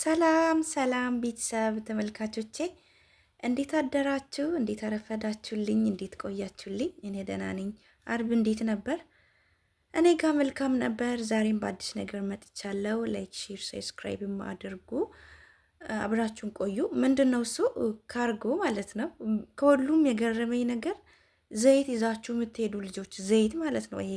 ሰላም ሰላም ቤተሰብ ተመልካቾቼ እንዴት አደራችሁ? እንዴት አረፈዳችሁልኝ? እንዴት ቆያችሁልኝ? እኔ ደህና ነኝ። አርብ እንዴት ነበር? እኔ ጋር መልካም ነበር። ዛሬም በአዲስ ነገር መጥቻለሁ። ላይክ፣ ሼር፣ ሰብስክራይብም አድርጉ። አብራችሁን ቆዩ። ምንድን ነው እሱ ካርጎ ማለት ነው። ከሁሉም የገረመኝ ነገር ዘይት ይዛችሁ የምትሄዱ ልጆች ዘይት ማለት ነው ይሄ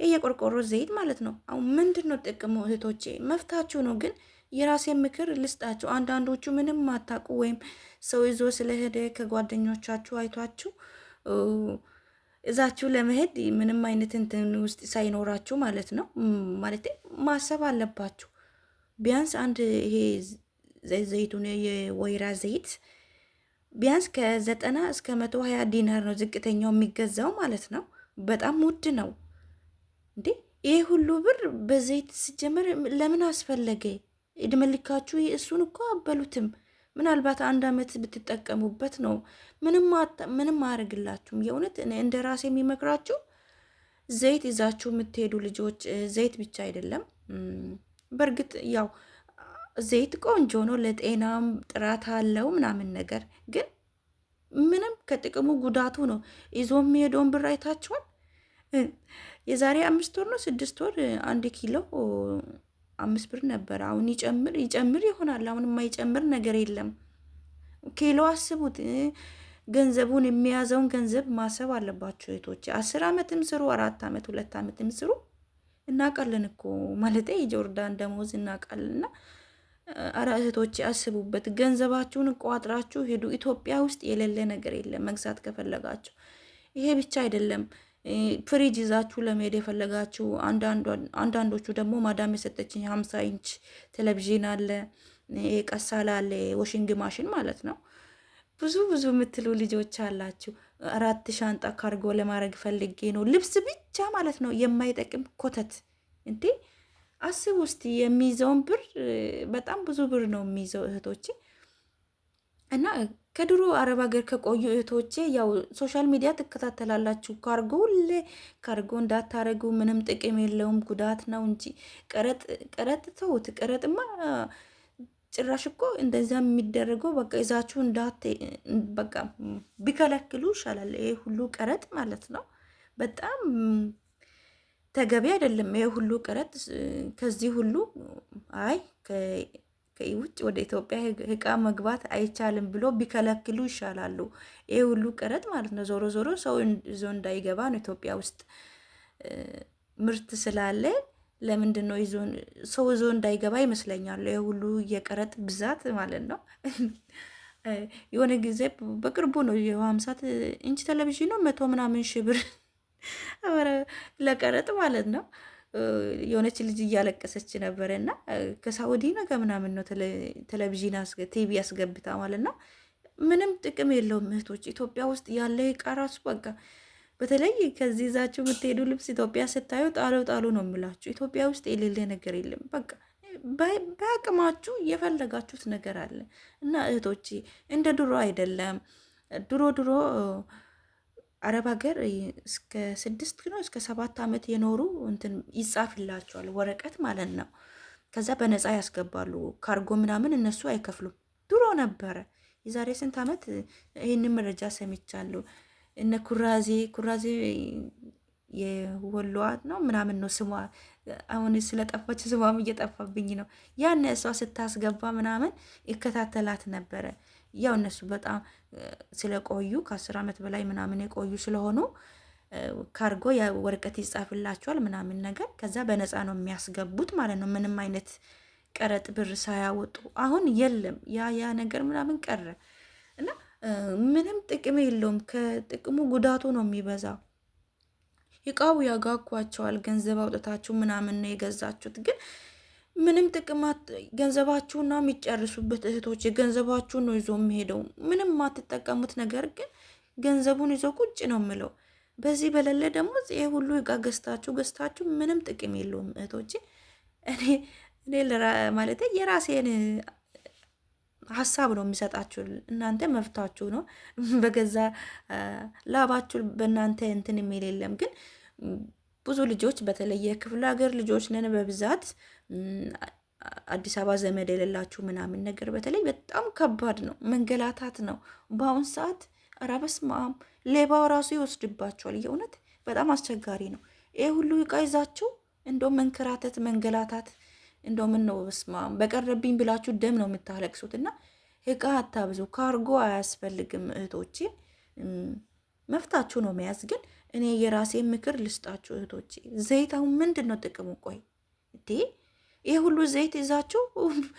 ይሄ የቆርቆሮ ዘይት ማለት ነው። አሁን ምንድን ነው ጥቅሙ? እህቶቼ መፍታችሁ ነው ግን የራሴን ምክር ልስጣችሁ። አንዳንዶቹ ምንም ማታውቁ ወይም ሰው ይዞ ስለሄደ ከጓደኞቻችሁ አይቷችሁ እዛችሁ ለመሄድ ምንም አይነት እንትን ውስጥ ሳይኖራችሁ ማለት ነው። ማለት ማሰብ አለባችሁ። ቢያንስ አንድ ይሄ ዘይቱን የወይራ ዘይት ቢያንስ ከዘጠና እስከ መቶ ሀያ ዲናር ነው ዝቅተኛው የሚገዛው ማለት ነው። በጣም ውድ ነው እንዴ! ይሄ ሁሉ ብር በዘይት ሲጀመር ለምን አስፈለገ? ድመልካችሁ እሱን እኮ አበሉትም። ምናልባት አንድ አመት ብትጠቀሙበት ነው። ምንም አያደርግላችሁም። የእውነት እንደ ራሴ የሚመክራችሁ ዘይት ይዛችሁ የምትሄዱ ልጆች፣ ዘይት ብቻ አይደለም። በእርግጥ ያው ዘይት ቆንጆ ነው፣ ለጤናም ጥራት አለው ምናምን። ነገር ግን ምንም ከጥቅሙ ጉዳቱ ነው ይዞ የሚሄደውን ብር አይታችኋል። የዛሬ አምስት ወር ነው ስድስት ወር አንድ ኪሎ አምስት ብር ነበር። አሁን ይጨምር ይጨምር ይሆናል። አሁን የማይጨምር ነገር የለም። ኬሎ አስቡት። ገንዘቡን የሚያዘውን ገንዘብ ማሰብ አለባቸው እህቶች። አስር ዓመትም ስሩ፣ አራት አመት፣ ሁለት ዓመትም ስሩ። እናቃለን እኮ ማለት የጆርዳን ደሞዝ እናውቃለንና አረ እህቶች አስቡበት። ገንዘባችሁን ቋጥራችሁ ሄዱ። ኢትዮጵያ ውስጥ የሌለ ነገር የለም መግዛት ከፈለጋችሁ። ይሄ ብቻ አይደለም። ፍሪጅ ይዛችሁ ለመሄድ የፈለጋችሁ፣ አንዳንዶቹ ደግሞ ማዳም የሰጠችኝ ሀምሳ ኢንች ቴሌቪዥን አለ፣ ቀሳላ አለ፣ ወሽንግ ማሽን ማለት ነው። ብዙ ብዙ የምትሉ ልጆች አላችሁ። አራት ሻንጣ ካርጎ ለማድረግ ፈልጌ ነው። ልብስ ብቻ ማለት ነው፣ የማይጠቅም ኮተት እንዴ! አስብ ውስጥ የሚይዘውን ብር በጣም ብዙ ብር ነው የሚይዘው እህቶቼ። እና ከድሮ አረብ ሀገር ከቆዩ እህቶቼ ያው ሶሻል ሚዲያ ትከታተላላችሁ። ካርጎ ሁሌ ካርጎ እንዳታረጉ፣ ምንም ጥቅም የለውም ጉዳት ነው እንጂ ቀረጥ ተውት። ቀረጥማ ጭራሽ እኮ እንደዛ የሚደረገው በቃ ይዛችሁ በቃ ቢከለክሉ ይሻላል። ይሄ ሁሉ ቀረጥ ማለት ነው በጣም ተገቢ አይደለም። ይሄ ሁሉ ቀረጥ ከዚህ ሁሉ አይ ውጭ ወደ ኢትዮጵያ እቃ መግባት አይቻልም ብሎ ቢከለክሉ ይሻላሉ። ይሄ ሁሉ ቀረጥ ማለት ነው። ዞሮ ዞሮ ሰው ይዞ እንዳይገባ ነው። ኢትዮጵያ ውስጥ ምርት ስላለ ለምንድን ነው ሰው ይዞ እንዳይገባ ይመስለኛል። ይሄ ሁሉ የቀረጥ ብዛት ማለት ነው። የሆነ ጊዜ በቅርቡ ነው የሀምሳት ኢንች ነው መቶ ምናምን ሺህ ብር ለቀረጥ ማለት ነው። የሆነች ልጅ እያለቀሰች ነበረ እና ከሳውዲ ነገ ምናምን ነው ቴሌቪዥን ቲቪ ያስገብታ ማለት ነው። ምንም ጥቅም የለውም እህቶች፣ ኢትዮጵያ ውስጥ ያለ ዕቃ ራሱ በቃ በተለይ ከዚህ ይዛችሁ የምትሄዱ ልብስ ኢትዮጵያ ስታዩ ጣሉ ጣሉ ነው የምላችሁ። ኢትዮጵያ ውስጥ የሌለ ነገር የለም። በቃ በአቅማችሁ የፈለጋችሁት ነገር አለ እና እህቶቼ እንደ ድሮ አይደለም ድሮ ድሮ አረብ ሀገር እስከ ስድስት ነው እስከ ሰባት ዓመት የኖሩ እንትን ይጻፍላቸዋል ወረቀት ማለት ነው። ከዛ በነፃ ያስገባሉ። ካርጎ ምናምን እነሱ አይከፍሉም። ድሮ ነበረ የዛሬ ስንት ዓመት ይህንን መረጃ ሰምቻለሁ። እነ ኩራዜ ኩራዜ የወሏ ነው ምናምን ነው ስሟ። አሁን ስለጠፋች ስሟም እየጠፋብኝ ነው። ያን እሷ ስታስገባ ምናምን ይከታተላት ነበረ። ያው እነሱ በጣም ስለቆዩ ከአስር ዓመት በላይ ምናምን የቆዩ ስለሆኑ ካርጎ ወረቀት ይጻፍላቸዋል ምናምን ነገር ከዛ በነፃ ነው የሚያስገቡት ማለት ነው። ምንም አይነት ቀረጥ ብር ሳያወጡ አሁን የለም ያ ያ ነገር ምናምን ቀረ እና ምንም ጥቅም የለውም። ከጥቅሙ ጉዳቱ ነው የሚበዛው። እቃው ያጓጓቸዋል። ገንዘብ አውጥታችሁ ምናምን ነው የገዛችሁት ግን ምንም ጥቅማት ገንዘባችሁና የሚጨርሱበት እህቶች ገንዘባችሁን ነው ይዞ የሚሄደው። ምንም ማትጠቀሙት ነገር ግን ገንዘቡን ይዞ ቁጭ ነው የምለው። በዚህ በሌለ ደግሞ ይሄ ሁሉ እቃ ገዝታችሁ ገዝታችሁ ምንም ጥቅም የለውም እህቶች። እኔ ማለት የራሴን ሀሳብ ነው የሚሰጣችሁ። እናንተ መፍታችሁ ነው በገዛ ላባችሁ። በእናንተ እንትን የሚል የለም ግን ብዙ ልጆች በተለይ የክፍለ ሀገር ልጆች ነን በብዛት አዲስ አበባ ዘመድ የሌላችሁ ምናምን ነገር በተለይ በጣም ከባድ ነው፣ መንገላታት ነው በአሁን ሰዓት። ኧረ በስመ አብ ሌባው ራሱ ይወስድባቸዋል። የእውነት በጣም አስቸጋሪ ነው። ይህ ሁሉ ዕቃ ይዛችሁ እንደው መንከራተት፣ መንገላታት እንደው ምን ነው በስመ አብ። በቀረብኝ ብላችሁ ደም ነው የምታለቅሱት። እና ዕቃ አታብዙ፣ ካርጎ አያስፈልግም እህቶቼ። መፍታችሁ ነው መያዝ ግን እኔ የራሴ ምክር ልስጣችሁ እህቶቼ፣ ዘይት አሁን ምንድን ነው ጥቅሙ? ቆይ እንዴ ይህ ሁሉ ዘይት ይዛችሁ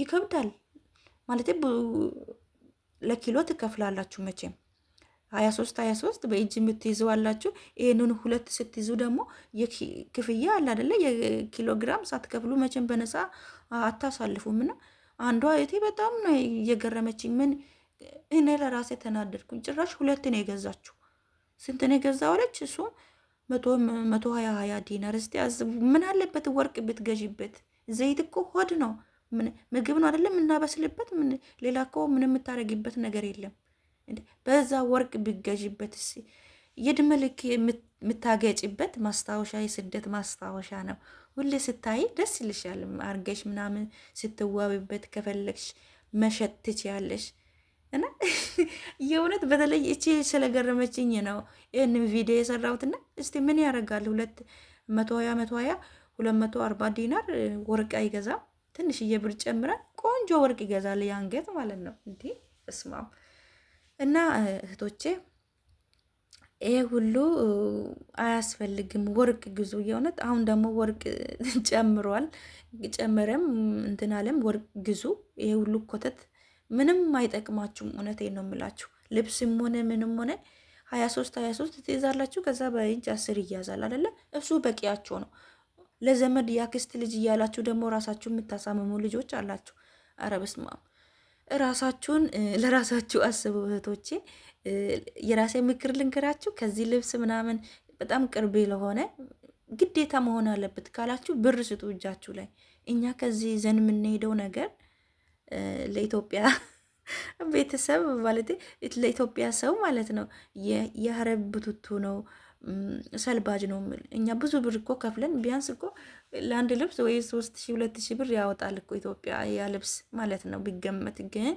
ይከብዳል ማለት ለኪሎ ትከፍላላችሁ። መቼም ሀያ ሶስት ሀያ ሶስት በእጅ የምትይዘዋላችሁ። ይህንን ሁለት ስትይዙ ደግሞ ክፍያ አለ አደለ? የኪሎግራም ሳትከፍሉ መቼም በነፃ አታሳልፉም። እና አንዷ እቴ በጣም ነው የገረመችኝ። ምን እኔ ለራሴ ተናደድኩኝ። ጭራሽ ሁለት ነው የገዛችሁ ስንት ነው የገዛው አለች። እሱ መቶ ሀያ ሀያ ዲነር። እስቲ አስቡ፣ ምን አለበት ወርቅ ብትገዥበት? ዘይት እኮ ሆድ ነው፣ ምግብ ነው አይደለም የምናበስልበት። ሌላ እኮ ምን የምታደርጊበት ነገር የለም። በዛ ወርቅ ብትገዢበት እ የእድሜ ልክ የምታገጭበት ማስታወሻ፣ የስደት ማስታወሻ ነው። ሁሌ ስታይ ደስ ይልሻል። አርገሽ ምናምን ስትዋብበት ከፈለግሽ መሸት ትችያለሽ። እና የእውነት በተለይ እቺ ስለገረመችኝ ነው ይህንም ቪዲዮ የሰራሁትና እስቲ ምን ያደርጋል ሁለት መቶ ሀያ መቶ ሀያ ሁለት መቶ አርባ ዲናር ወርቅ አይገዛም። ትንሽዬ ብር ጨምረን ቆንጆ ወርቅ ይገዛል የአንገት ማለት ነው። እንዲ እስማም እና እህቶቼ ይሄ ሁሉ አያስፈልግም። ወርቅ ግዙ የእውነት አሁን ደግሞ ወርቅ ጨምሯል። ጨመረም እንትናለም ወርቅ ግዙ። ይሄ ሁሉ ኮተት ምንም አይጠቅማችሁም። እውነቴን ነው የምላችሁ። ልብስም ሆነ ምንም ሆነ ሀያ ሶስት ሀያ ሶስት ትይዛላችሁ፣ ከዛ በእጅ አስር ይያዛል አይደለ? እሱ በቂያችሁ ነው። ለዘመድ ያክስት ልጅ እያላችሁ ደግሞ ራሳችሁ የምታሳምሙ ልጆች አላችሁ። ኧረ በስመ አብ! ራሳችሁን ለራሳችሁ አስቡ እህቶቼ። የራሴ ምክር ልንገራችሁ። ከዚህ ልብስ ምናምን በጣም ቅርቤ ለሆነ ግዴታ መሆን አለበት ካላችሁ ብር ስጡ እጃችሁ ላይ። እኛ ከዚህ ዘን የምንሄደው ነገር ለኢትዮጵያ ቤተሰብ ማለት ለኢትዮጵያ ሰው ማለት ነው የአረብ ቡትቱ ነው ሰልባጅ ነው። እኛ ብዙ ብር እኮ ከፍለን ቢያንስ እኮ ለአንድ ልብስ ወይ ሶስት ሺ ሁለት ሺ ብር ያወጣል እኮ ኢትዮጵያ ያ ልብስ ማለት ነው ቢገመት። ግን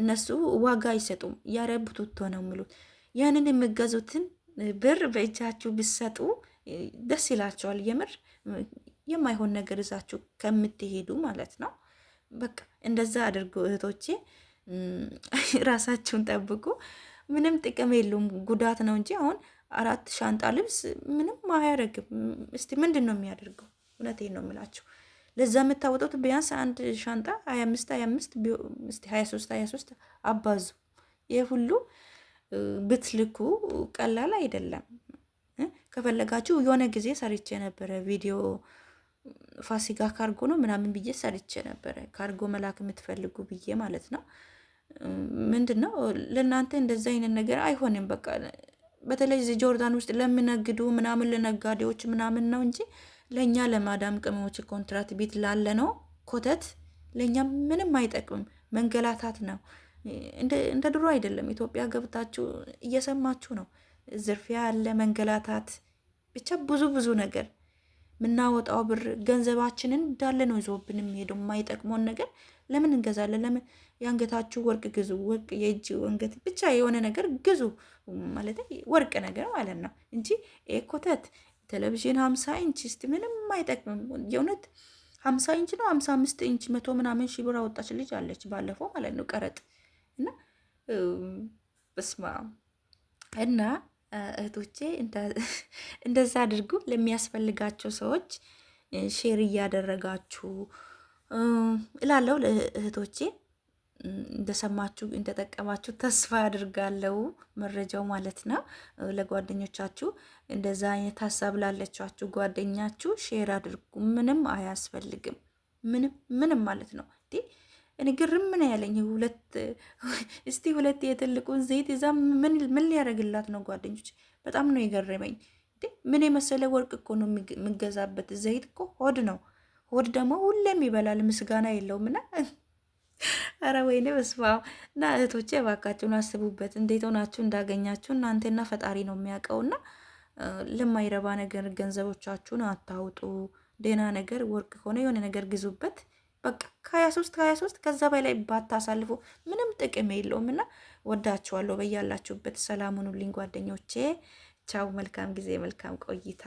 እነሱ ዋጋ አይሰጡም። የአረብ ቡትቶ ነው የሚሉት። ያንን የሚገዙትን ብር በእጃችሁ ብሰጡ ደስ ይላቸዋል። የምር የማይሆን ነገር እዛችሁ ከምትሄዱ ማለት ነው። በቃ እንደዛ አድርጉ እህቶቼ፣ ራሳችሁን ጠብቁ። ምንም ጥቅም የለውም ጉዳት ነው እንጂ አሁን አራት ሻንጣ ልብስ ምንም አያደርግም። እስቲ ምንድን ነው የሚያደርገው? እውነቴን ነው የምላችሁ። ለዛ የምታወጡት ቢያንስ አንድ ሻንጣ ሀያ አምስት ሀያ አምስት ሀያ ሶስት ሀያ ሶስት አባዙ። ይህ ሁሉ ብትልኩ ቀላል አይደለም። ከፈለጋችሁ የሆነ ጊዜ ሰርቼ ነበረ ቪዲዮ ፋሲካ ካርጎ ነው ምናምን ብዬ ሰርቼ ነበረ። ካርጎ መላክ የምትፈልጉ ብዬ ማለት ነው። ምንድን ነው ለእናንተ እንደዚ አይነት ነገር አይሆንም። በቃ በተለይ ጆርዳን ውስጥ ለሚነግዱ ምናምን ለነጋዴዎች ምናምን ነው እንጂ ለእኛ ለማዳም ቅመሞች ኮንትራት ቤት ላለ ነው ኮተት ለእኛ ምንም አይጠቅምም። መንገላታት ነው። እንደ ድሮ አይደለም። ኢትዮጵያ ገብታችሁ እየሰማችሁ ነው። ዝርፊያ ያለ መንገላታት፣ ብቻ ብዙ ብዙ ነገር የምናወጣው ብር ገንዘባችንን እንዳለ ነው ይዞብን የሚሄደው። የማይጠቅመውን ነገር ለምን እንገዛለን? ለምን የአንገታችሁ ወርቅ ግዙ፣ ወርቅ የእጅ አንገት፣ ብቻ የሆነ ነገር ግዙ ማለት ወርቅ ነገር ማለት ነው እንጂ ኮተት ቴሌቪዥን ሀምሳ ኢንች ስ ምንም አይጠቅምም። የእውነት ሀምሳ ኢንች ነው ሀምሳ አምስት ኢንች መቶ ምናምን ሺ ብር አወጣች ልጅ አለች ባለፈው ማለት ነው ቀረጥ እና በስማ እና እህቶቼ እንደዛ አድርጉ። ለሚያስፈልጋቸው ሰዎች ሼር እያደረጋችሁ እላለሁ። እህቶቼ እንደሰማችሁ እንደጠቀማችሁ ተስፋ አድርጋለሁ፣ መረጃው ማለት ነው። ለጓደኞቻችሁ እንደዛ አይነት ሀሳብ ላለቻችሁ ጓደኛችሁ ሼር አድርጉ። ምንም አያስፈልግም፣ ምንም ምንም ማለት ነው። እኔ ግርም ነው ያለኝ። ሁለት እስቲ ሁለት የትልቁን ዘይት እዛ ምን ምን ሊያደርግላት ነው? ጓደኞች በጣም ነው የገረመኝ። ምን የመሰለ ወርቅ እኮ ነው የሚገዛበት። ዘይት እኮ ሆድ ነው። ሆድ ደግሞ ሁሌም ይበላል፣ ምስጋና የለውም። እና አረ ወይኔ በስመ አብ። እና እህቶቼ እባካችሁን አስቡበት። እንዴት ሆናችሁ እንዳገኛችሁ እናንተና ፈጣሪ ነው የሚያውቀውና ለማይረባ ነገር ገንዘቦቻችሁን አታውጡ። ደህና ነገር ወርቅ ከሆነ የሆነ ነገር ግዙበት። በቃ ከሀያ ሶስት ከሀያ ሶስት ከዛ በላይ ባታሳልፉ ምንም ጥቅም የለውም። እና ወዳችኋለሁ። በያላችሁበት ሰላም ሁኑልኝ ጓደኞቼ። ቻው። መልካም ጊዜ፣ መልካም ቆይታ